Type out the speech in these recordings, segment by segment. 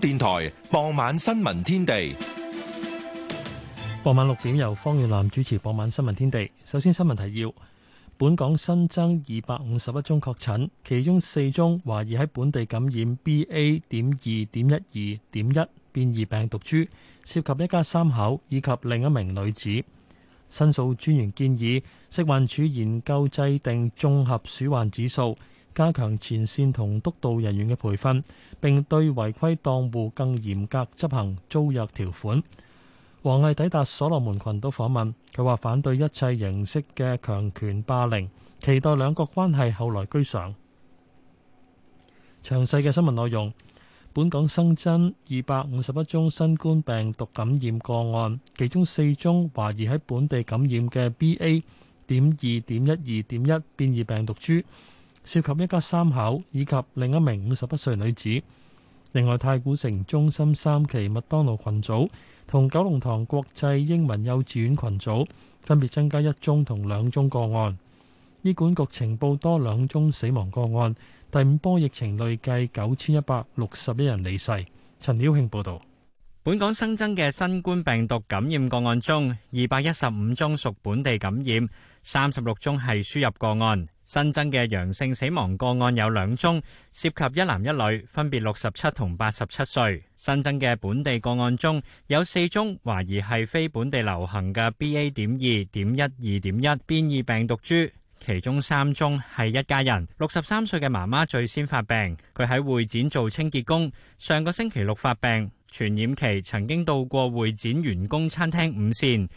電台傍晚新聞天地，傍晚六點由方遠南主持。傍晚新聞天地，首先新聞提要：本港新增二百五十一宗確診，其中四宗懷疑喺本地感染 BA. 點二點一二點一變異病毒株，涉及一家三口以及另一名女子。申訴專員建議食環署研究制定綜合鼠患指數。加強前線同督導人員嘅培訓，並對違規檔戶更嚴格執行租約條款。王毅抵達所羅門群島訪問，佢話：反對一切形式嘅強權霸凌，期待兩國關係後來居上。詳細嘅新聞內容，本港新增二百五十一宗新冠病毒感染個案，其中四宗懷疑喺本地感染嘅 BA.2.12.1 變異病毒株。涉及一家三口以及另一名五十一歲女子。另外，太古城中心三期麥當勞群組同九龍塘國際英文幼稚園群組分別增加一宗同兩宗個案。醫管局情報多兩宗死亡個案，第五波疫情累計九千一百六十一人離世。陳曉慶報道。本港新增嘅新冠病毒感染個案中，二百一十五宗屬本地感染，三十六宗係輸入個案。新增嘅陽性死亡個案有兩宗，涉及一男一女，分別六十七同八十七歲。新增嘅本地個案中有四宗懷疑係非本地流行嘅 BA. 點二點一二點一變異病毒株，其中三宗係一家人。六十三歲嘅媽媽最先發病，佢喺會展做清潔工，上個星期六發病，傳染期曾經到過會展員工餐廳午膳。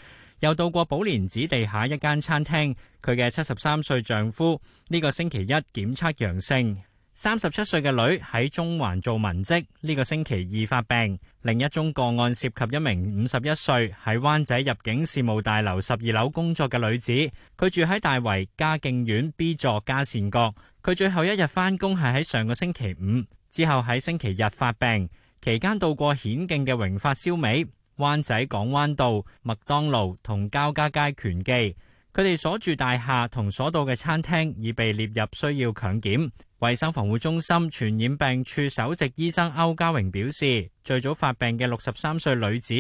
又到過寶蓮寺地下一間餐廳，佢嘅七十三歲丈夫呢個星期一檢測陽性，三十七歲嘅女喺中環做文職，呢個星期二發病。另一宗個案涉及一名五十一歲喺灣仔入境事務大樓十二樓工作嘅女子，佢住喺大圍嘉敬苑 B 座嘉善閣，佢最後一日返工係喺上個星期五，之後喺星期日發病，期間到過顯徑嘅榮發燒味。灣仔港灣道麥當勞同交加街拳記，佢哋所住大廈同所到嘅餐廳已被列入需要強檢。衛生防護中心傳染病處首席醫生歐家榮表示，最早發病嘅六十三歲女子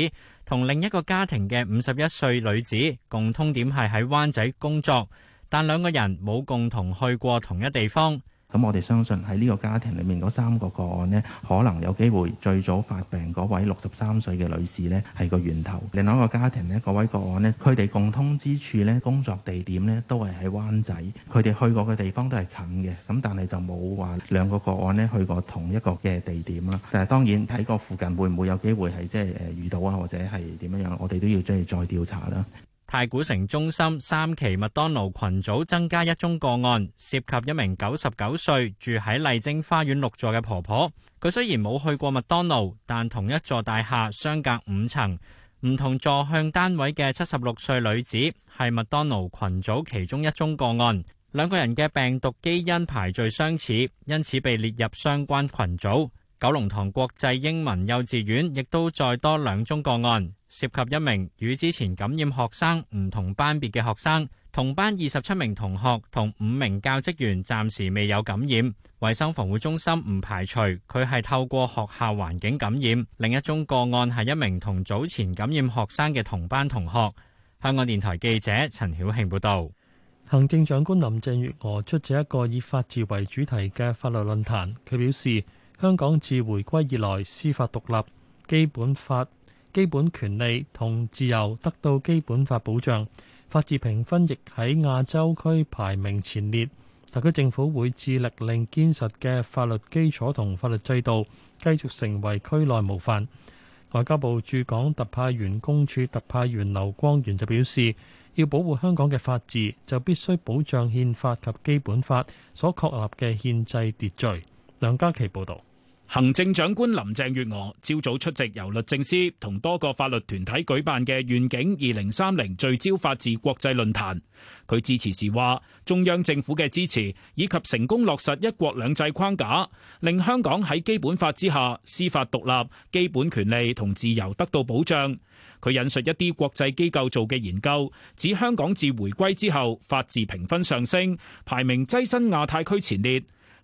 同另一個家庭嘅五十一歲女子，共通點係喺灣仔工作，但兩個人冇共同去過同一地方。咁我哋相信喺呢個家庭裏面嗰三個個案呢，可能有機會最早發病嗰位六十三歲嘅女士呢係個源頭。另外一個家庭呢，嗰位個案呢，佢哋共通之處呢，工作地點呢都係喺灣仔，佢哋去過嘅地方都係近嘅。咁但係就冇話兩個個案呢去過同一個嘅地點啦。但係當然睇個附近會唔會有機會係即係遇到啊，或者係點樣樣，我哋都要將佢再調查啦。太古城中心三期麥當勞群組增加一宗個案，涉及一名九十九歲住喺麗晶花園六座嘅婆婆。佢雖然冇去過麥當勞，但同一座大廈相隔五層，唔同座向單位嘅七十六歲女子係麥當勞群組其中一宗個案。兩個人嘅病毒基因排序相似，因此被列入相關群組。九龍塘國際英文幼稚園亦都再多兩宗個案，涉及一名與之前感染學生唔同班別嘅學生，同班二十七名同學同五名教職員暫時未有感染。衛生防護中心唔排除佢係透過學校環境感染。另一宗個案係一名同早前感染學生嘅同班同學。香港電台記者陳曉慶報道。行政長官林鄭月娥出席一個以法治為主題嘅法律論壇，佢表示：香港自回歸以來司法獨立、基本法、基本權利同自由得到基本法保障，法治評分亦喺亞洲區排名前列。特區政府會致力令堅實嘅法律基礎同法律制度繼續成為區內模範。外交部駐港特派員公署特派員劉光源就表示，要保護香港嘅法治，就必須保障憲法及基本法所確立嘅憲制秩序。梁嘉琪報道。行政長官林鄭月娥朝早出席由律政司同多個法律團體舉辦嘅願景二零三零聚焦法治國際論壇。佢致辭時話：中央政府嘅支持以及成功落實一國兩制框架，令香港喺基本法之下司法獨立、基本權利同自由得到保障。佢引述一啲國際機構做嘅研究，指香港自回歸之後法治評分上升，排名躋身亞太區前列。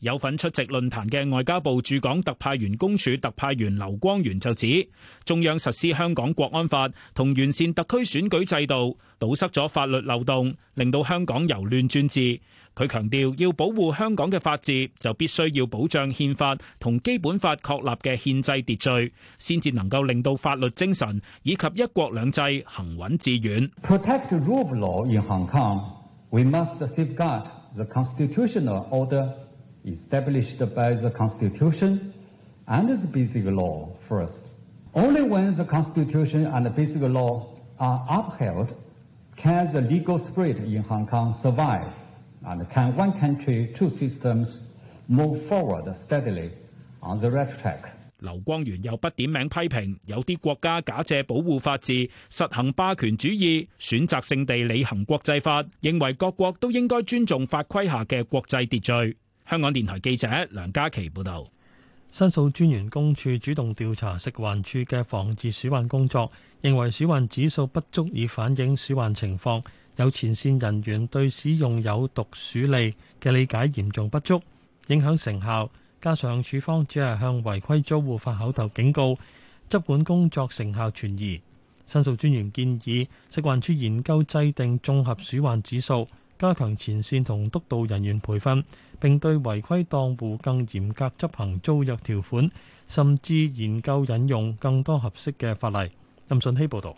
有份出席論壇嘅外交部駐港特派員公署特派員劉光源就指，中央實施香港國安法同完善特區選舉制度，堵塞咗法律漏洞，令到香港由亂轉治。佢強調要保護香港嘅法治，就必須要保障憲法同基本法確立嘅憲制秩序，先至能夠令到法律精神以及一國兩制行穩致遠。And can one country, two systems, move forward steadily on the right track? 劉光源又不點名批評，有啲國家假借保護法治，實行霸權主義，選擇性地履行國際法，認為各國都應該尊重法規下嘅國際秩序。香港電台記者梁嘉琪報導，申訴專員公署主動調查食環署嘅防治鼠患工作，認為鼠患指數不足以反映鼠患情況。有前線人員對使用有毒鼠利，嘅理解嚴重不足，影響成效。加上署方只係向違規租戶發口頭警告，執管工作成效存疑。申訴專員建議食環署研究制定綜合鼠患指數，加強前線同督導人員培訓，並對違規檔戶更嚴格執行租約條款，甚至研究引用更多合適嘅法例。任信希報導。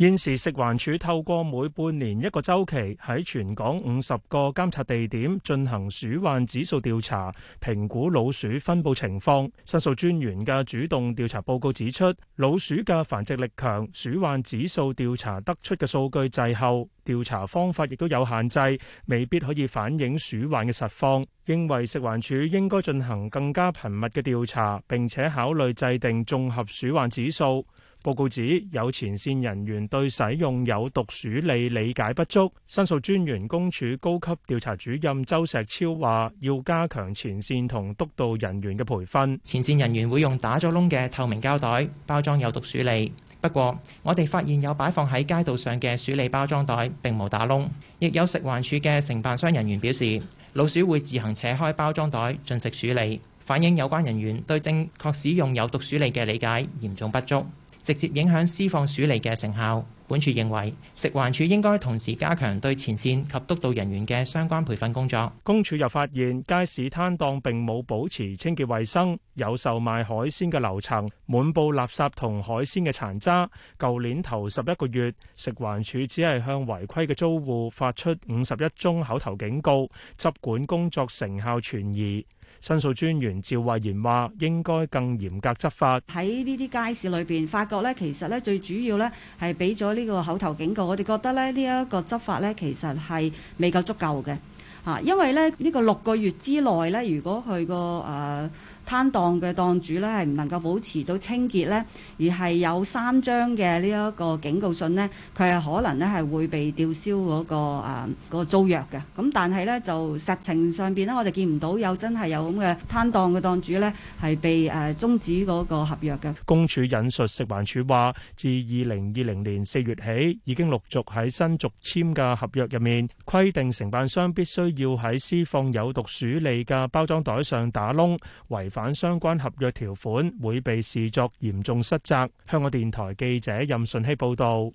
現時食環署透過每半年一個周期喺全港五十個監察地點進行鼠患指數調查，評估老鼠分佈情況，申訴專員嘅主動調查報告指出，老鼠嘅繁殖力強，鼠患指數調查得出嘅數據滯後調查方法亦都有限制，未必可以反映鼠患嘅實況，認為食環署應該進行更加頻密嘅調查，並且考慮制定綜合鼠患指數。報告指有前線人員對使用有毒鼠餌理解不足。申訴專員公署高級調查主任周石超話，要加強前線同督導人員嘅培訓。前線人員會用打咗窿嘅透明膠袋包裝有毒鼠餌，不過我哋發現有擺放喺街道上嘅鼠餌包裝袋並冇打窿。亦有食環署嘅承辦商人員表示，老鼠會自行扯開包裝袋進食鼠餌，反映有關人員對正確使用有毒鼠餌嘅理解嚴重不足。直接影響施放鼠嚟嘅成效。本署認為食環署應該同時加強對前線及督導人員嘅相關培訓工作。公署又發現街市攤檔並冇保持清潔衞生，有售賣海鮮嘅樓層滿布垃圾同海鮮嘅殘渣。舊年頭十一個月，食環署只係向違規嘅租戶發出五十一宗口頭警告，執管工作成效存疑。申訴專員趙慧賢話，應該更嚴格執法。喺呢啲街市裏邊，發覺呢，其實呢最主要呢係俾咗呢個口頭警告。我哋覺得咧，呢一個執法呢，其實係未夠足夠嘅，吓，因為咧呢個六個月之內呢，如果佢個誒。呃攤檔嘅檔主咧係唔能夠保持到清潔咧，而係有三張嘅呢一個警告信呢，佢係可能咧係會被吊銷嗰個、嗰個啊租約嘅。咁但係咧就實情上邊呢，我哋見唔到有真係有咁嘅攤檔嘅檔主咧係被誒、啊、中止嗰個合約嘅。公署引述食環署話，自二零二零年四月起，已經陸續喺新續簽嘅合約入面規定，承辦商必須要喺私放有毒鼠利嘅包裝袋上打窿，違法反相關合約條款會被視作嚴重失責。香港電台記者任順希報導。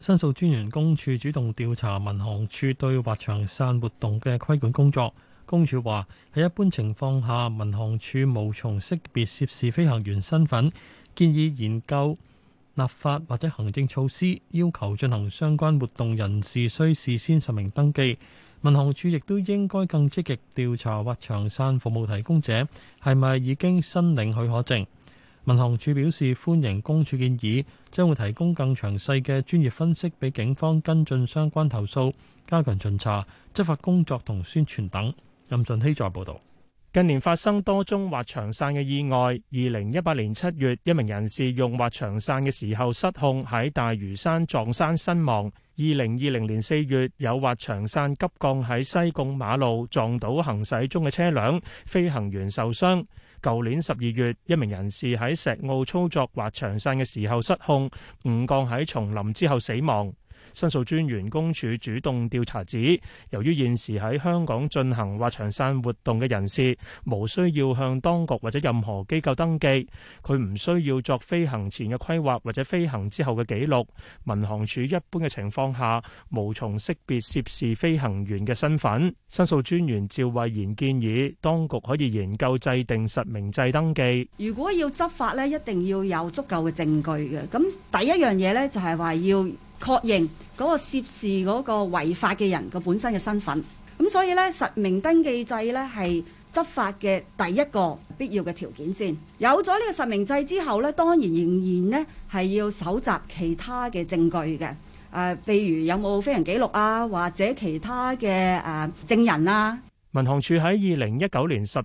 申訴專員公署主動調查民航處對滑翔傘活動嘅規管工作。公署話喺一般情況下，民航處無從識別涉事飛行員身份，建議研究立法或者行政措施，要求進行相關活動人士需事先實名登記。民航處亦都應該更積極調查滑翔傘服務提供者係咪已經申領許可證。民航處表示歡迎公署建議，將會提供更詳細嘅專業分析俾警方跟進相關投訴，加強巡查執法工作同宣傳等。任俊熙在報導。近年發生多宗滑翔傘嘅意外，二零一八年七月二零二零年四月，有滑翔傘急降喺西貢馬路，撞到行駛中嘅車輛，飛行員受傷。舊年十二月，一名人士喺石澳操作滑翔傘嘅時候失控，誤降喺叢林之後死亡。申訴專員公署主動調查指，由於現時喺香港進行滑翔傘活動嘅人士，無需要向當局或者任何機構登記，佢唔需要作飛行前嘅規劃或者飛行之後嘅紀錄。民航處一般嘅情況下，無從識別涉事飛行員嘅身份。申訴專員趙慧賢建議，當局可以研究制定實名制登記。如果要執法呢，一定要有足夠嘅證據嘅。咁第一樣嘢呢，就係話要。確認嗰個涉事嗰個違法嘅人個本身嘅身份，咁所以呢，實名登記制呢係執法嘅第一個必要嘅條件先。有咗呢個實名制之後呢，當然仍然呢係要搜集其他嘅證據嘅。誒、呃，譬如有冇飛行記錄啊，或者其他嘅誒、呃、證人啊。民航署喺2019年10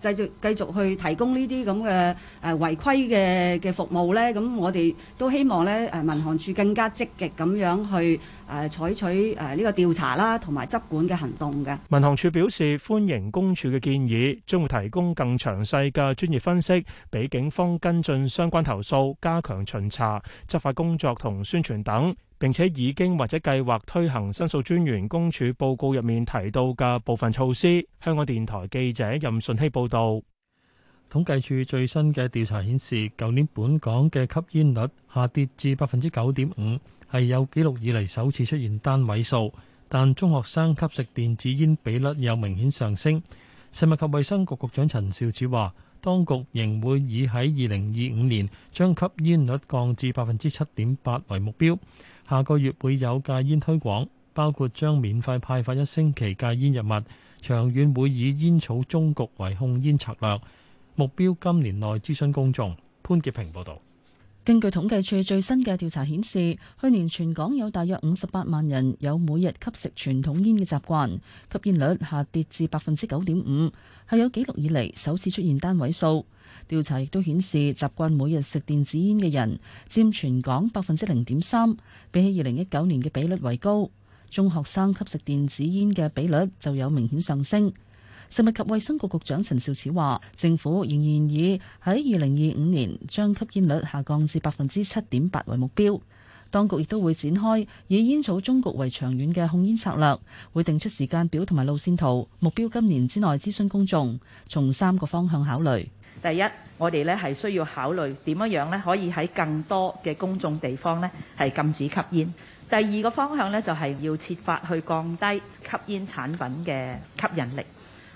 繼續繼續去提供呢啲咁嘅誒違規嘅嘅服務呢，咁我哋都希望呢誒，民航處更加積極咁樣去誒採取誒呢個調查啦，同埋執管嘅行動嘅。民航處表示歡迎公署嘅建議，將會提供更詳細嘅專業分析，俾警方跟進相關投訴、加強巡查、執法工作同宣傳等。並且已經或者計劃推行申訴專員公署報告入面提到嘅部分措施。香港電台記者任順希報導。統計處最新嘅調查顯示，舊年本港嘅吸煙率下跌至百分之九點五，係有紀錄以嚟首次出現單位數，但中學生吸食電子煙比率有明顯上升。食物及衛生局局長陳肇始話。當局仍會以喺二零二五年將吸煙率降至百分之七點八為目標，下個月會有戒煙推廣，包括將免費派發一星期戒煙藥物，長遠會以煙草終局為控煙策略，目標今年內諮詢公眾。潘潔平報導。根據統計處最新嘅調查顯示，去年全港有大約五十八萬人有每日吸食傳統煙嘅習慣，吸煙率下跌至百分之九點五，係有記錄以嚟首次出現單位數。調查亦都顯示，習慣每日食電子煙嘅人佔全港百分之零點三，比起二零一九年嘅比率為高。中學生吸食電子煙嘅比率就有明顯上升。食物及衛生局局長陳肇始話，政府仍然以喺二零二五年將吸煙率下降至百分之七點八為目標。當局亦都會展開以煙草終局為長遠嘅控煙策略，會定出時間表同埋路線圖。目標今年之內諮詢公眾，從三個方向考慮。第一，我哋咧係需要考慮點樣樣咧可以喺更多嘅公眾地方咧係禁止吸煙。第二個方向呢，就係要設法去降低吸煙產品嘅吸引力。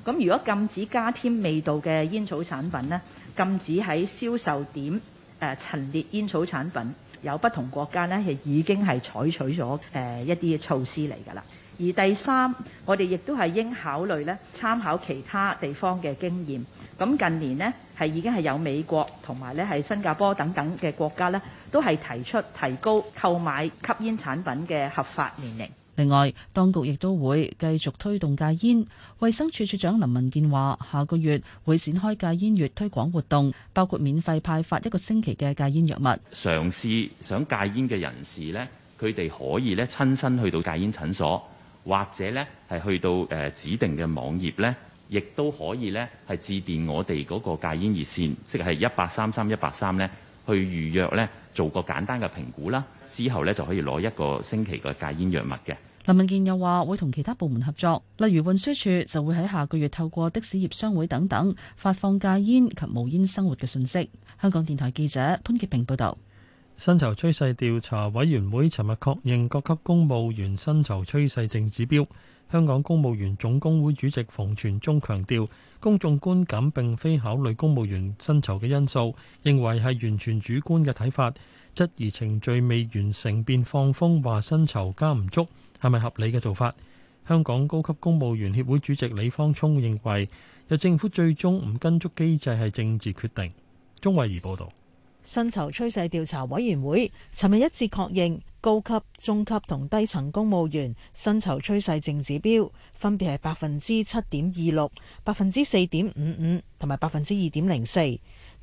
咁如果禁止加添味道嘅煙草產品呢，禁止喺銷售點誒、呃、陳列煙草產品，有不同國家呢，係已經係採取咗誒、呃、一啲措施嚟㗎啦。而第三，我哋亦都係應考慮呢參考其他地方嘅經驗。咁、嗯、近年呢，係已經係有美國同埋咧係新加坡等等嘅國家呢，都係提出提高購買吸煙產品嘅合法年齡。另外，當局亦都會繼續推動戒煙。衛生署署長林文健話，下個月會展開戒煙月推廣活動，包括免費派發一個星期嘅戒煙藥物。嘗試想戒煙嘅人士呢，佢哋可以咧，親身去到戒煙診所，或者呢係去到誒指定嘅網頁呢，亦都可以呢係致電我哋嗰個戒煙熱線，即係一八三三一八三呢。去預約呢，做個簡單嘅評估啦，之後呢，就可以攞一個星期嘅戒煙藥物嘅。林文健又話會同其他部門合作，例如運輸處就會喺下個月透過的士業商會等等發放戒煙及無煙生活嘅信息。香港電台記者潘潔平報道。薪酬趨勢調查委員會尋日確認各級公務員薪酬趨勢淨指標，香港公務員總工會主席馮傳忠強調公眾觀感並非考慮公務員薪酬嘅因素，認為係完全主觀嘅睇法。質疑程序未完成便放風話薪酬加唔足，係咪合理嘅做法？香港高級公務員協會主席李方聰認為由政府最終唔跟足機制，係政治決定。鍾慧儀報道。薪酬趨勢調查委員會尋日一致確認，高級、中級同低層公務員薪酬趨勢淨指標，分別係百分之七點二六、百分之四點五五同埋百分之二點零四。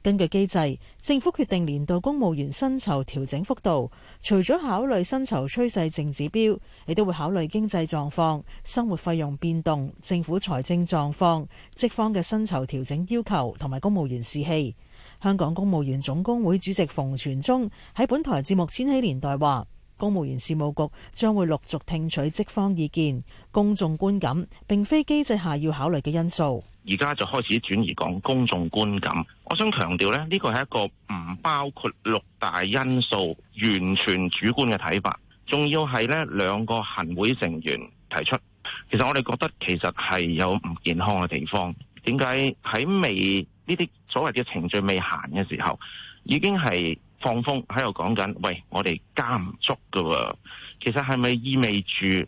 根據機制，政府決定年度公務員薪酬調整幅度，除咗考慮薪酬趨勢淨指標，亦都會考慮經濟狀況、生活費用變動、政府財政狀況、職方嘅薪酬調整要求同埋公務員士氣。香港公務員總工會主席馮傳中喺本台節目《千禧年代》話，公務員事務局將會陸續聽取職方意見、公眾觀感，並非機制下要考慮嘅因素。而家就開始轉移講公眾觀感，我想強調咧，呢個係一個唔包括六大因素、完全主觀嘅睇法。仲要係咧，兩個行會成員提出，其實我哋覺得其實係有唔健康嘅地方。點解喺未，呢啲所謂嘅程序未行嘅時候，已經係放風喺度講緊，喂，我哋加唔足㗎喎，其實係咪意味住誒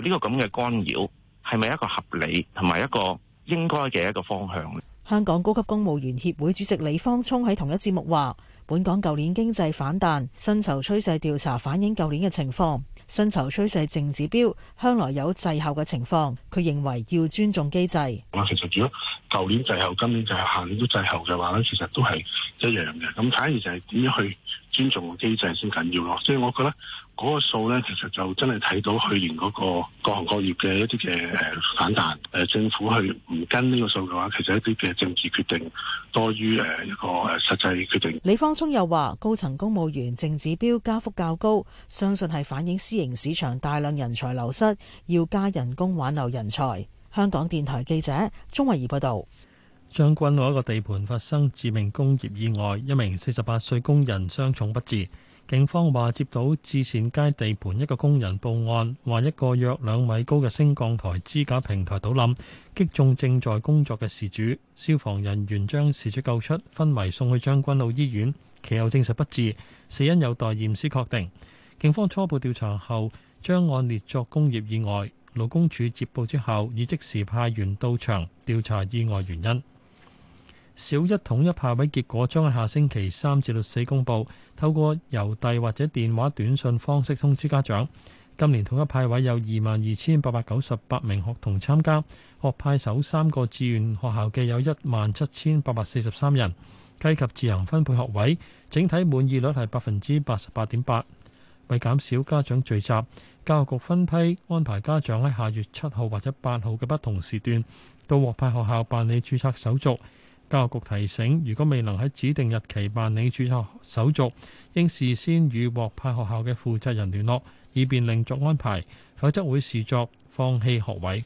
呢個咁嘅干擾係咪一個合理同埋一個應該嘅一個方向呢？香港高級公務員協會主席李方聰喺同一節目話，本港舊年經濟反彈，薪酬趨勢調查反映舊年嘅情況。薪酬趨勢正指標，向來有滯後嘅情況，佢認為要尊重機制。其實如果舊年滯後，今年就係下年都滯後嘅話咧，其實都係一樣嘅。咁反而就係點樣去尊重機制先緊要咯。所以我覺得。嗰個數呢，其實就真係睇到去年嗰個各行各業嘅一啲嘅反彈。誒政府去唔跟呢個數嘅話，其實一啲嘅政治決定多於誒一個誒實際決定。李方聰又話，高層公務員淨指標加幅較高，相信係反映私營市場大量人才流失，要加人工挽留人才。香港電台記者鍾慧儀報道。將軍澳一個地盤發生致命工業意外，一名四十八歲工人傷重不治。警方話接到至善街地盤一個工人報案，話一個約兩米高嘅升降台支架平台倒冧，擊中正在工作嘅事主。消防人員將事主救出，昏迷送去將軍澳醫院，其後證實不治，死因有待驗屍確定。警方初步調查後，將案列作工業意外。勞工處接報之後，已即時派員到場調查意外原因。小一統一派位結果將喺下星期三至六四公佈。透過郵遞或者電話、短信方式通知家長。今年統一派位有二萬二千八百九十八名學童參加，學派首三個志願學校嘅有一萬七千八百四十三人，計及自行分配學位，整體滿意率係百分之八十八點八。為減少家長聚集，教育局分批安排家長喺下月七號或者八號嘅不同時段到獲派學校辦理註冊手續。教育局提醒，如果未能喺指定日期辦理註冊手續，應事先與獲派學校嘅負責人聯絡，以便另作安排。否則會視作放棄學位。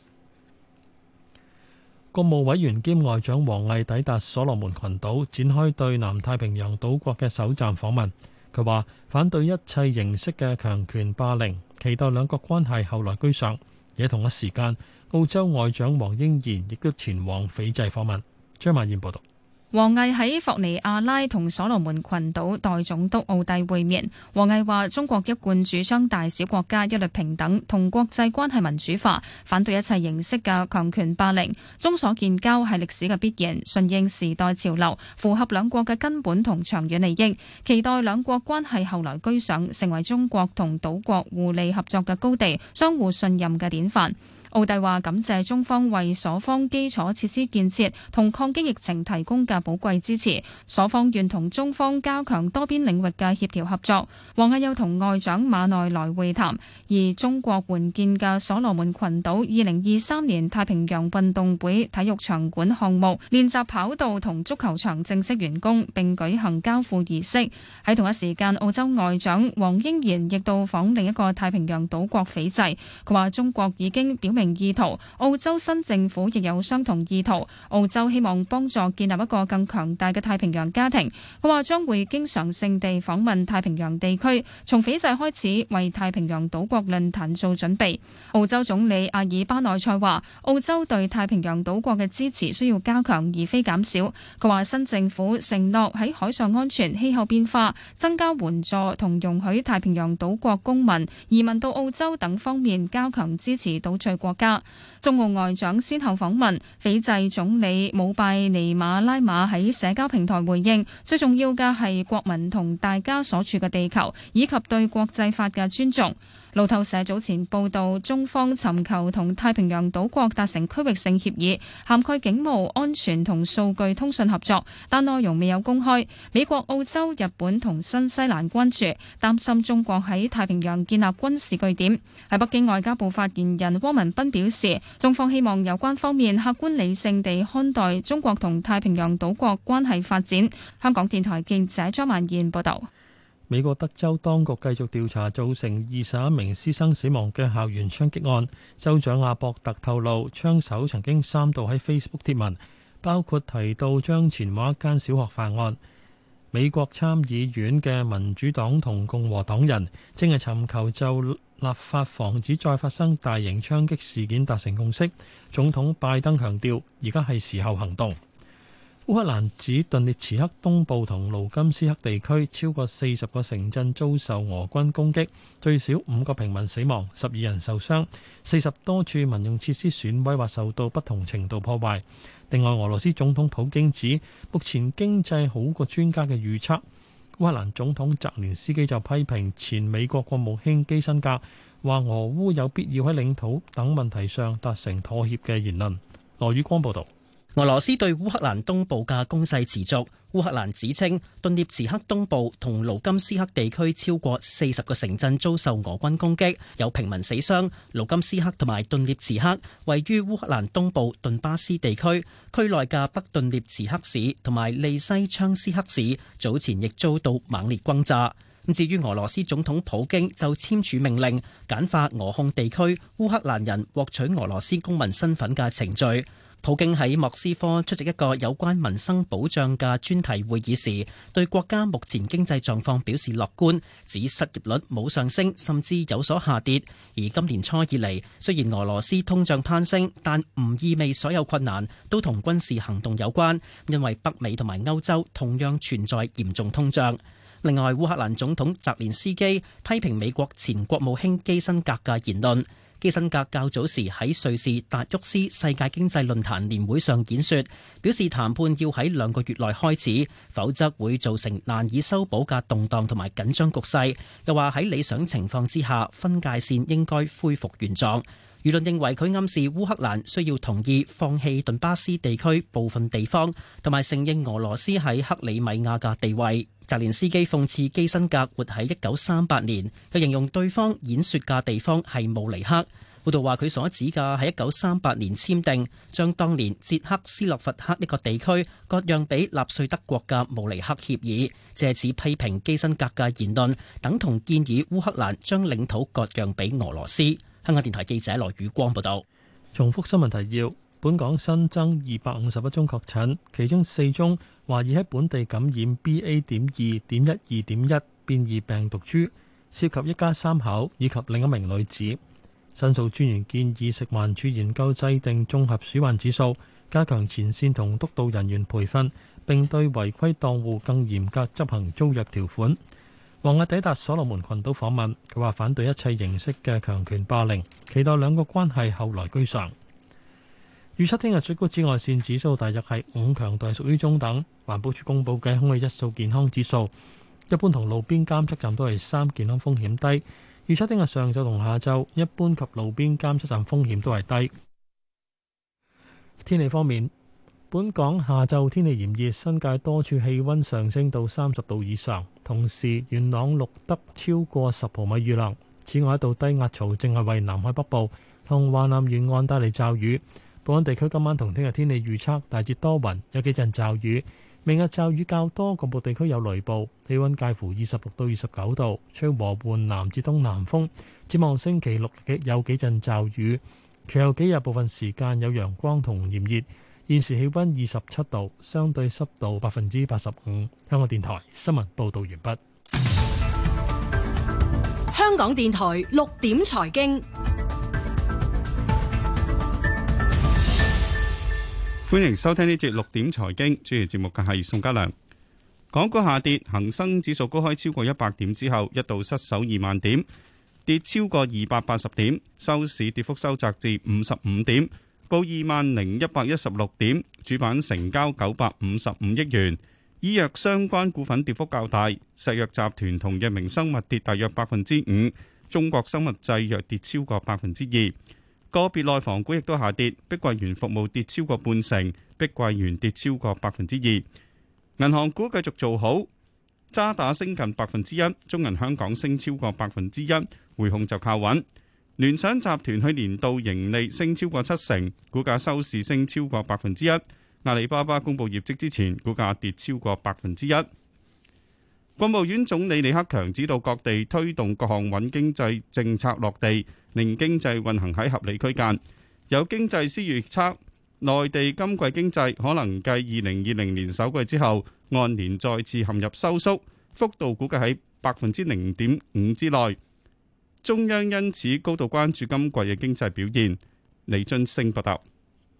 國務委員兼外長王毅抵達所羅門群島展開對南太平洋島國嘅首站訪問，佢話反對一切形式嘅強權霸凌，期待兩國關係後來居上。而同一時間，澳洲外長黃英賢亦都前往斐濟訪問。張曼燕報道，王毅喺霍尼亞拉同所羅門群島代總督奧帝會面。王毅話：中國一貫主張大小國家一律平等，同國際關係民主化，反對一切形式嘅強權霸凌。中所建交係歷史嘅必然，順應時代潮流，符合兩國嘅根本同長遠利益。期待兩國關係後來居上，成為中國同島國互利合作嘅高地，相互信任嘅典範。澳大話感謝中方為所方基礎設施建設同抗擊疫情提供嘅寶貴支持，所方願同中方加強多邊領域嘅協調合作。王毅又同外長馬內萊會談。而中國援建嘅所羅門群島二零二三年太平洋運動會體育場館項目練習跑道同足球場正式完工並舉行交付儀式。喺同一時間，澳洲外長黃英賢亦到訪另一個太平洋島國斐濟。佢話中國已經表明意圖，澳洲新政府亦有相同意圖。澳洲希望幫助建立一個更強大嘅太平洋家庭。佢話將會經常性地訪問太平洋地區，從斐濟開始為太平洋島國論壇做準備。澳洲總理阿爾巴內塞話：澳洲對太平洋島國嘅支持需要加強，而非減少。佢話新政府承諾喺海上安全、氣候變化、增加援助同容許太平洋島國公民移民到澳洲等方面加強支持島嶼國。國家，中澳外長先後訪問，斐濟總理姆拜尼馬拉馬喺社交平台回應：最重要嘅係國民同大家所處嘅地球，以及對國際法嘅尊重。路透社早前報道，中方尋求同太平洋島國達成區域性協議，涵蓋警務安全同數據通訊合作，但內容未有公開。美國、澳洲、日本同新西蘭關注，擔心中國喺太平洋建立軍事據點。喺北京外交部發言人汪文斌表示，中方希望有關方面客觀理性地看待中國同太平洋島國關係發展。香港電台記者張曼燕報道。美國德州當局繼續調查造成二十一名師生死亡嘅校園槍擊案，州長阿博特透露，槍手曾經三度喺 Facebook 貼文，包括提到將前往一間小學犯案。美國參議院嘅民主黨同共和黨人正係尋求就立法防止再發生大型槍擊事件達成共識。總統拜登強調，而家係時候行動。烏克蘭指頓涅茨克東部同盧甘斯克地區超過四十個城鎮遭受俄軍攻擊，最少五個平民死亡，十二人受傷，四十多處民用設施損毀或受到不同程度破壞。另外，俄羅斯總統普京指目前經濟好過專家嘅預測。烏克蘭總統澤連斯基就批評前美國國務卿基辛格，話俄烏有必要喺領土等問題上達成妥協嘅言論。羅宇光報道。俄羅斯對烏克蘭東部嘅攻勢持續。烏克蘭指稱頓涅茨克東部同盧甘斯克地區超過四十個城鎮遭受俄軍攻擊，有平民死傷。盧甘斯克同埋頓涅茨克位於烏克蘭東部頓巴斯地區，區內嘅北頓涅茨克市同埋利西昌斯克市早前亦遭到猛烈轟炸。至於俄羅斯總統普京就簽署命令，簡化俄控地區烏克蘭人獲取俄羅斯公民身份嘅程序。普京喺莫斯科出席一個有關民生保障嘅專題會議時，對國家目前經濟狀況表示樂觀，指失業率冇上升，甚至有所下跌。而今年初以嚟，雖然俄羅斯通脹攀升，但唔意味所有困難都同軍事行動有關，因為北美同埋歐洲同樣存在嚴重通脹。另外，烏克蘭總統澤連斯基批評美國前國務卿基辛格嘅言論。基辛格較早時喺瑞士達沃斯世界經濟論壇年會上演說，表示談判要喺兩個月內開始，否則會造成難以修補嘅動盪同埋緊張局勢。又話喺理想情況之下，分界線應該恢復原狀。輿論認為佢暗示烏克蘭需要同意放棄頓巴斯地區部分地方，同埋承認俄羅斯喺克里米亞嘅地位。澤連斯基諷刺基辛格活喺一九三八年，佢形容對方演說嘅地方係慕尼黑。報道話佢所指嘅係一九三八年簽訂，將當年捷克斯洛伐克一個地區割讓俾納粹德國嘅慕尼黑協議，借此批評基辛格嘅言論，等同建議烏克蘭將領土割讓俾俄羅斯。香港電台記者羅宇光報道。重複新聞提要。本港新增二百五十一宗確診，其中四宗懷疑喺本地感染 BA. 點二點一二點一變異病毒株，涉及一家三口以及另一名女子。申訴專員建議食環署研究制定綜合鼠患指數，加強前線同督導人員培訓，並對違規檔戶更嚴格執行租約條款。王毅抵達所羅門群島訪問，佢話反對一切形式嘅強權霸凌，期待兩國關係後來居上。預測聽日最高紫外線指數大約係五，強度屬於中等。環保署公布嘅空氣質素健康指數，一般同路邊監測站都係三，健康風險低。預測聽日上晝同下晝，一般及路邊監測站風險都係低。天氣方面，本港下晝天氣炎熱，新界多處氣温上升到三十度以上，同時元朗錄得超過十毫米雨量。此外，一度低壓槽正係為南海北部同華南沿岸帶嚟驟雨。本港地區今晚同聽日天氣預測大致多雲，有幾陣驟雨。明日驟雨較多，局部地區有雷暴。氣溫介乎二十六到二十九度，吹和緩南至東南風。展望星期六日有幾陣驟雨，其後幾日部分時間有陽光同炎熱。現時氣溫二十七度，相對濕度百分之八十五。香港電台新聞報道完畢。香港電台六點財經。.歡迎收聽呢節六點財經，主持節目嘅係宋家良。港股下跌，恒生指數高開超過一百點之後，一度失守二萬點，跌超過二百八十點，收市跌幅收窄至五十五點，報二萬零一百一十六點，主板成交九百五十五億元。醫藥相關股份跌幅較大，石藥集團同藥明生物跌大約百分之五，中國生物製藥跌，跌超過百分之二。個別內房股亦都下跌，碧桂園服務跌超過半成，碧桂園跌超過百分之二。銀行股繼續做好，渣打升近百分之一，中銀香港升超過百分之一，匯控就靠穩。聯想集團去年度盈利升超過七成，股價收市升超過百分之一。阿里巴巴公布業績之前，股價跌超過百分之一。國務院總理李克強指導各地推動各項穩經濟政策落地，令經濟運行喺合理區間。有經濟師預測，內地今季經濟可能繼二零二零年首季之後，按年再次陷入收縮，幅度估計喺百分之零點五之內。中央因此高度關注今季嘅經濟表現。李津升報道。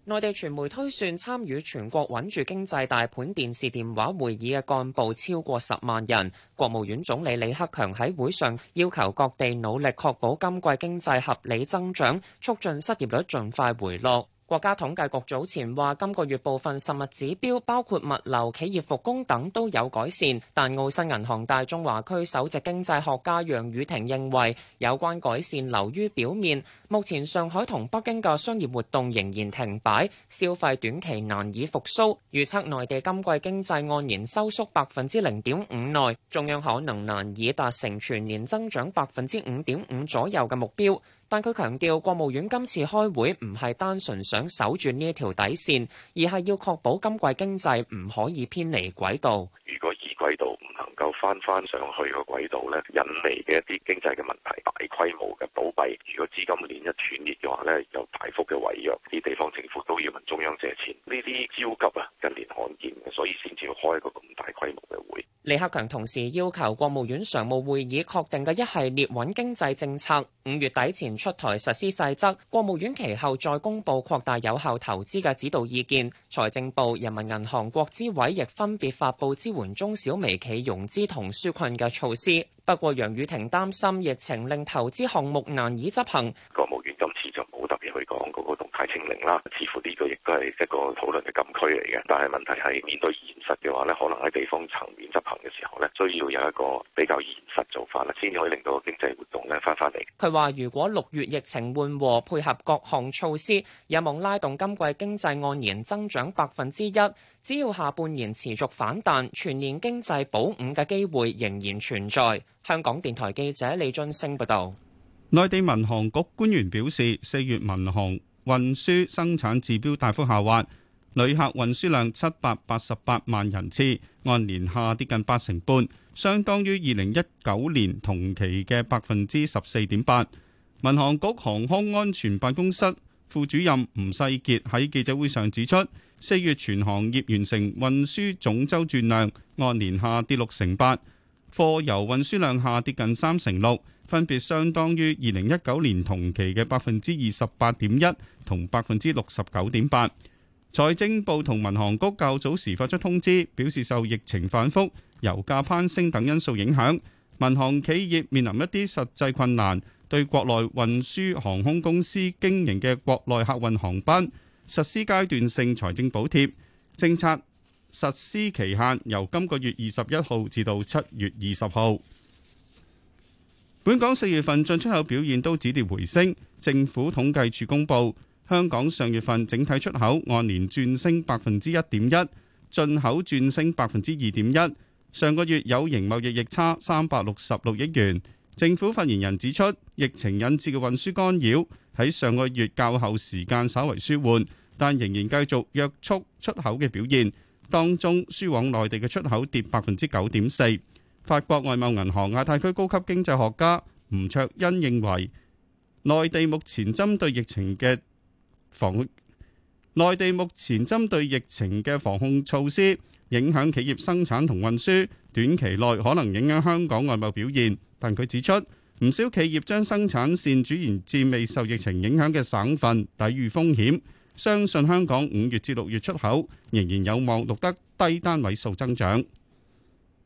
內地傳媒推算，參與全國穩住經濟大盤電視電話會議嘅幹部超過十萬人。國務院總理李克強喺會上要求各地努力確保今季經濟合理增長，促進失業率盡快回落。國家統計局早前話，今個月部分實物指標，包括物流、企業復工等都有改善，但澳新銀行大中華區首席經濟學家楊宇霆認為，有關改善流於表面。目前上海同北京嘅商業活動仍然停擺，消費短期難以復甦。預測內地今季經濟按年收縮百分之零點五內，中央可能難以達成全年增長百分之五點五左右嘅目標。但佢強調國務院今次開會唔係單純想守住呢條底線，而係要確保今季經濟唔可以偏離軌道。如果二季度唔能夠翻翻上去個軌道咧，引嚟嘅一啲經濟嘅問題大規模嘅倒閉。如果資金鏈一斷裂嘅話咧，有大幅嘅違約啲地方政府都要問中央借錢呢啲焦急啊，近年罕見嘅，所以先至開一個咁大規模嘅會。李克強同時要求國務院常務會議確定嘅一系列穩經濟政策，五月底前。出台實施細則，國務院其後再公布擴大有效投資嘅指導意見，財政部、人民銀行、國資委亦分別發布支援中小微企融資同紓困嘅措施。不過，楊雨婷擔心疫情令投資項目難以執行。國務院今次做。講嗰個動態清零啦，似乎呢個亦都係一個討論嘅禁區嚟嘅。但係問題係面對現實嘅話呢，可能喺地方層面執行嘅時候呢，都要有一個比較現實做法啦，先至可以令到經濟活動咧翻翻嚟。佢話：如果六月疫情緩和，配合各項措施，有望拉動今季經濟按年增長百分之一。只要下半年持續反彈，全年經濟保五嘅機會仍然存在。香港電台記者李俊升報道。內地民航局官員表示，四月民航運輸生產指標大幅下滑，旅客運輸量七百八十八萬人次，按年下跌近八成半，相當於二零一九年同期嘅百分之十四點八。民航局航空安全辦公室副主任吳世杰喺記者會上指出，四月全行業完成運輸總周轉量，按年下跌六成八，貨郵運輸量下跌近三成六。分別相當於二零一九年同期嘅百分之二十八點一同百分之六十九點八。財政部同民航局較早時發出通知，表示受疫情反覆、油價攀升等因素影響，民航企業面臨一啲實際困難，對國內運輸航空公司經營嘅國內客運航班實施階段性財政補貼政策，實施期限由今個月二十一號至到七月二十號。本港四月份進出口表現都止跌回升，政府統計處公布，香港上月份整體出口按年轉升百分之一點一，進口轉升百分之二點一。上個月有形貿易逆差三百六十六億元。政府發言人指出，疫情引致嘅運輸干擾喺上個月較後時間稍為舒緩，但仍然繼續約束出口嘅表現，當中輸往內地嘅出口跌百分之九點四。法國外貿銀行亞太區高級經濟學家吳卓恩認為，內地目前針對疫情嘅防，內地目前針對疫情嘅防控措施影響企業生產同運輸，短期內可能影響香港外貿表現。但佢指出，唔少企業將生產線轉移至未受疫情影響嘅省份，抵禦風險。相信香港五月至六月出口仍然有望錄得低單位數增長。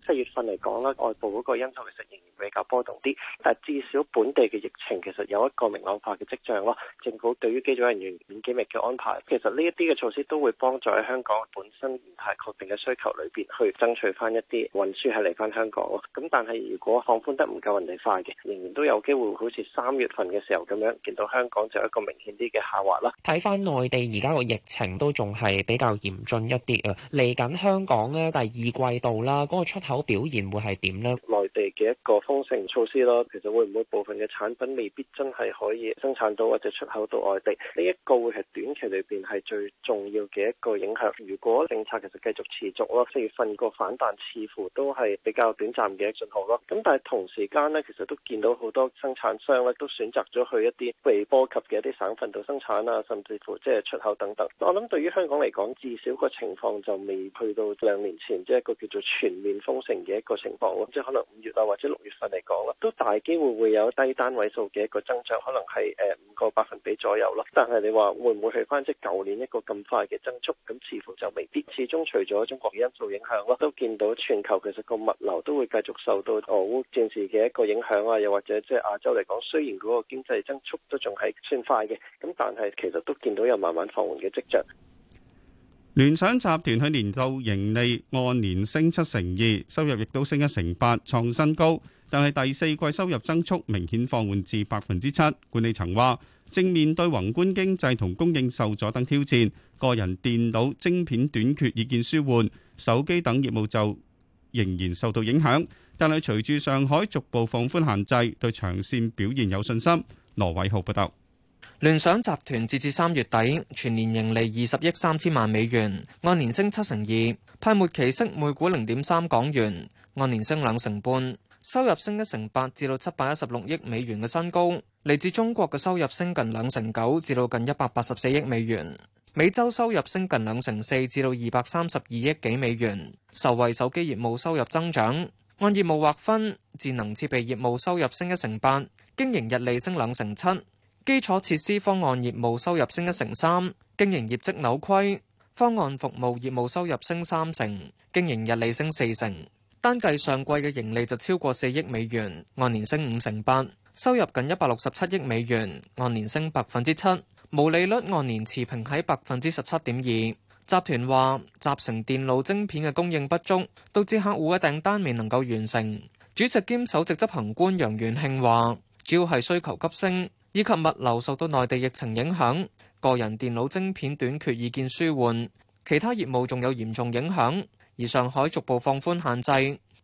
七月份嚟講咧，外部嗰個因素其實仍然比較波動啲，但係至少本地嘅疫情其實有一個明朗化嘅跡象咯。政府對於機組人員免機密嘅安排，其實呢一啲嘅措施都會幫助喺香港本身唔太確定嘅需求裏邊去爭取翻一啲運輸係嚟翻香港咯。咁但係如果放寬得唔夠人哋快嘅，仍然都有機會好似三月份嘅時候咁樣，見到香港就有一個明顯啲嘅下滑啦。睇翻內地而家個疫情都仲係比較嚴峻一啲啊，嚟緊香港咧第二季度啦，嗰個出口表現會係點呢？內地嘅一個。封城措施咯，其實會唔會部分嘅產品未必真係可以生產到或者出口到外地？呢一個會係短期裏邊係最重要嘅一個影響。如果政策其實繼續持續咯，四月份個反彈似乎都係比較短暫嘅一個訊號咯。咁但係同時間咧，其實都見到好多生產商咧都選擇咗去一啲被波及嘅一啲省份度生產啊，甚至乎即係出口等等。我諗對於香港嚟講，至少個情況就未去到兩年前即係一個叫做全面封城嘅一個情況，即係可能五月啊或者六月。嚟講啦，都大機會會有低單位數嘅一個增長，可能係誒五個百分比左右咯。但係你話會唔會去返即係舊年一個咁快嘅增速，咁似乎就未必。始終除咗中國因素影響咯，都見到全球其實個物流都會繼續受到俄烏戰事嘅一個影響啊。又或者即係亞洲嚟講，雖然嗰個經濟增速都仲係算快嘅，咁但係其實都見到有慢慢放緩嘅跡象。聯想集團喺年度盈利按年升七成二，收入亦都升一成八，創新高。但係第四季收入增速明顯放緩至百分之七。管理層話正面對宏觀經濟同供應受阻等挑戰。個人電腦晶片短缺已見紓緩，手機等業務就仍然受到影響。但係隨住上海逐步放寬限制，對長線表現有信心。羅偉浩報道。聯想集團截至三月底全年盈利二十億三千萬美元，按年升七成二，派末期息每股零點三港元，按年升兩成半。收入升一成八，至到七百一十六億美元嘅新高，嚟自中國嘅收入升近兩成九，至到近一百八十四億美元；美洲收入升近兩成四，至到二百三十二億幾美元，受惠手機業務收入增長。按業務劃分，智能設備業務收入升一成八，經營日利升兩成七；基礎設施方案業務收入升一成三，經營業績扭虧；方案服務業務收入升三成，經營日利升四成。單計上季嘅盈利就超過四億美元，按年升五成八；收入近一百六十七億美元，按年升百分之七。毛利率按年持平喺百分之十七點二。集團話集成電腦晶片嘅供應不足，導致客戶嘅訂單未能夠完成。主席兼首席執行官楊元慶話：主要係需求急升，以及物流受到內地疫情影響，個人電腦晶片短缺意見舒緩，其他業務仲有嚴重影響。而上海逐步放寬限制。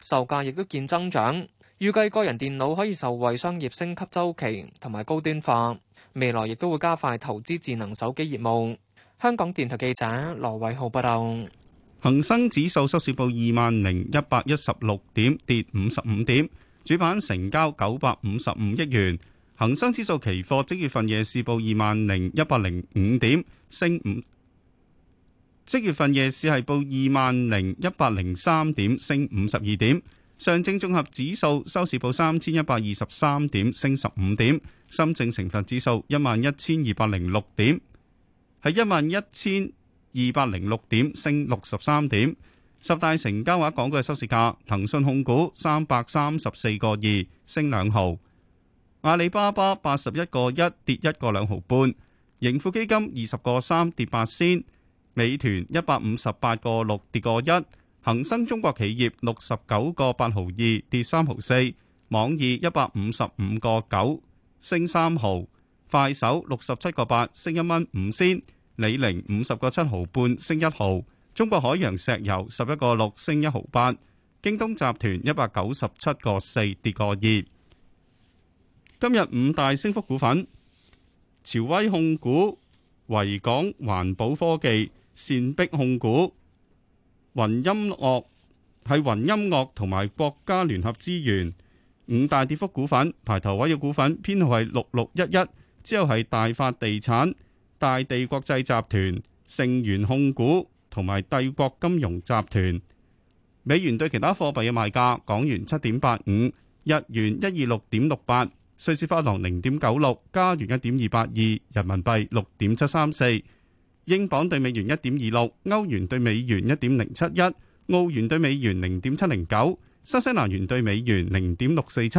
售價亦都見增長，預計個人電腦可以受惠商業升級週期同埋高端化，未來亦都會加快投資智能手機業務。香港電台記者羅偉浩報導。恒生指數收市報二萬零一百一十六點，跌五十五點，主板成交九百五十五億元。恒生指數期貨即月份夜市報二萬零一百零五點，升五。即月份夜市係報二萬零一百零三點，升五十二點。上證綜合指數收市報三千一百二十三點，升十五點。深證成分指數一萬一千二百零六點，係一萬一千二百零六點升六十三點。十大成交話講句收市價，騰訊控股三百三十四個二升兩毫，阿里巴巴八十一個一跌一個兩毫半，盈富基金二十個三跌八仙。美團一百五十八個六跌個一，恒生中國企業六十九個八毫二跌三毫四，網易一百五十五個九升三毫，快手六十七個八升一蚊五仙，李寧五十個七毫半升一毫，中國海洋石油十一個六升一毫八，京東集團一百九十七個四跌個二。今日五大升幅股份：朝威控股、維港環保科技、善碧控股、雲音樂係雲音樂同埋國家聯合資源五大跌幅股份排頭位嘅股份編號係六六一一，之後係大發地產、大地國際集團、盛源控股同埋帝國金融集團。美元對其他貨幣嘅賣價：港元七點八五，日元一二六點六八，瑞士法郎零點九六，加元一點二八二，人民幣六點七三四。英鎊兌美元一點二六，歐元兌美元一點零七一，澳元兌美元零點七零九，新西蘭元兌美元零點六四七。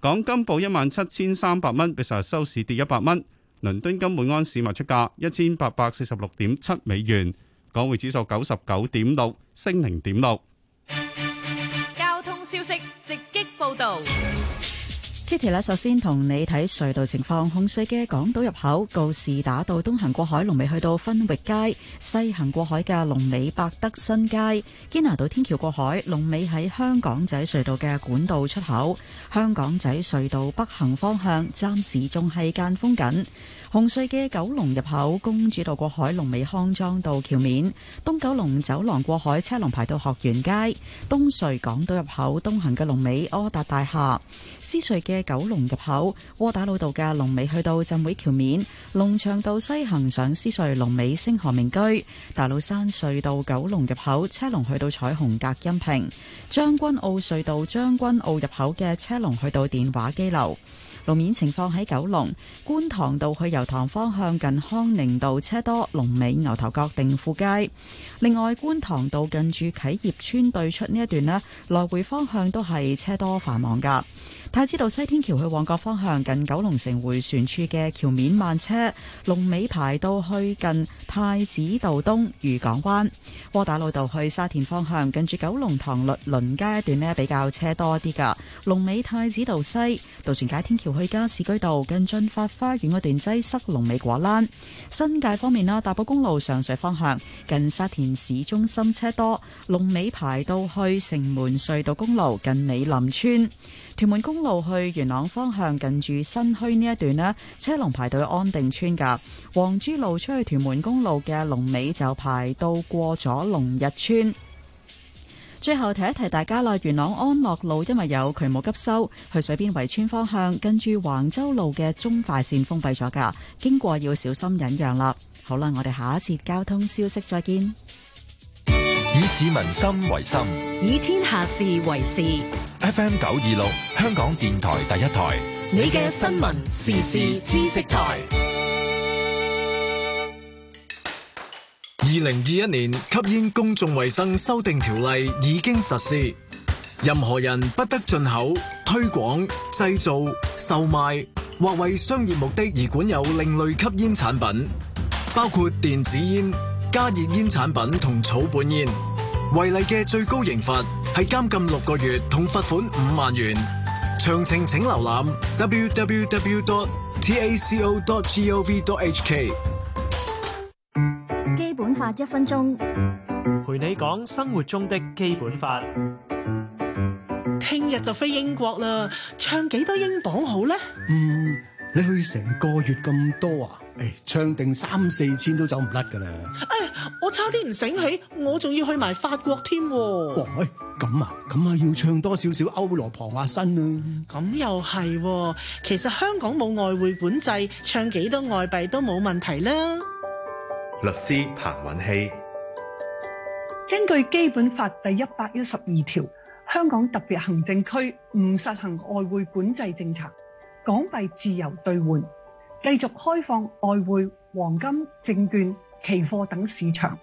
港金報一萬七千三百蚊，比上日收市跌一百蚊。倫敦金每安士賣出價一千八百四十六點七美元，港匯指數九十九點六升零點六。交通消息直擊報道。Kitty，首先同你睇隧道情況。紅隧嘅港島入口告士打道東行過海龍尾去到分域街，西行過海嘅龍尾百德新街堅拿道天橋，過海龍尾喺香港仔隧道嘅管道出口。香港仔隧道北行方向暫時仲係間封緊。紅隧嘅九龍入口公主道過海龍尾康莊道橋面，東九龍走廊過海車龍排到學園街，東隧港島入口東行嘅龍尾柯達大廈，獅隧嘅九龍入口窩打老道嘅龍尾去到浸會橋面，龍翔道西行上獅隧龍尾星河名居，大老山隧道九龍入口車龍去到彩虹隔音屏，將軍澳隧道將軍澳入口嘅車龍去到電話機樓。路面情況喺九龍觀塘道去油塘方向近康寧道車多，龍尾牛頭角定富街。另外，觀塘道近住啟業邨對出呢一段呢，來回方向都係車多繁忙噶。太子道西天橋去旺角方向，近九龍城回旋處嘅橋面慢車，龍尾排到去近太子道東漁港灣。窩打老道去沙田方向，近住九龍塘律倫街一段呢比較車多啲㗎，龍尾太子道西。渡船街天橋去加士居道，近駿發花園嗰段擠塞，龍尾果欄。新界方面啦，大埔公路上水方向，近沙田市中心車多，龍尾排到去城門隧道公路近美林村屯門公路去元朗方向，近住新墟呢一段呢，車龍排隊安定村噶；黃珠路出去屯門公路嘅龍尾就排到過咗龍日村。最後提一提大家啦，元朗安樂路因為有渠務急修，去水邊圍村方向，近住橫洲路嘅中快線封閉咗噶，經過要小心忍讓啦。好啦，我哋下一節交通消息再見。以市民心為心，以天下事為事。FM 九二六，香港電台第一台。你嘅新聞時事知識台。二零二一年吸煙公衆衛生修訂條例已經實施，任何人不得進口、推廣、製造、售賣或為商業目的而管有另類吸煙產品，包括電子煙、加熱煙產品同草本煙。違例嘅最高刑罰，係監禁六個月同罰款五萬元，詳情請瀏覽 www.taco.gov.hk。Www. 基本法一分鐘，陪你講生活中的基本法。聽日就飛英國啦，唱幾多英鎊好咧？嗯，你去成個月咁多啊？唉，唱定三四千都走唔甩噶啦！哎，我差啲唔醒起，我仲要去埋法國添、啊。哇！咁啊，咁啊，要唱多少少歐羅旁亞新啊！咁又係，其實香港冇外匯管制，唱幾多外幣都冇問題啦。律師彭允熙，根據《基本法》第一百一十二條，香港特別行政區唔實行外匯管制政策，港幣自由兌換。繼續開放外匯、黃金、證券、期貨等市場，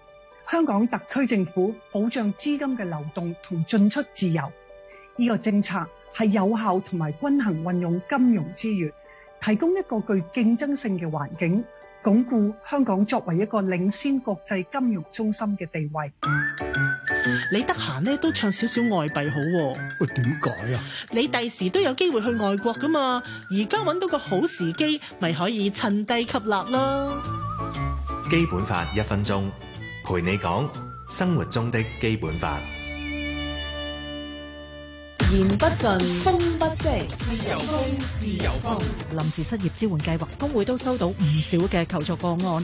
香港特區政府保障資金嘅流動同進出自由。呢個政策係有效同埋均衡運用金融資源，提供一個具競爭性嘅環境。鞏固香港作為一個領先國際金融中心嘅地位。你得閒呢都唱少少外幣好喎。點解啊？啊，你第時都有機會去外國噶嘛？而家揾到個好時機，咪可以趁低吸納咯。基本法一分鐘，陪你講生活中的基本法。言不盡，風不息，自由風自由風。臨時失業支援計劃，工會都收到唔少嘅求助個案。